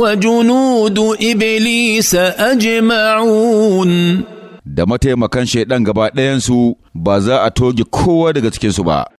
وجنود إبليس أجمعون da mataimakan shaidan gaba ɗayansu ba za a toge kowa daga cikinsu ba.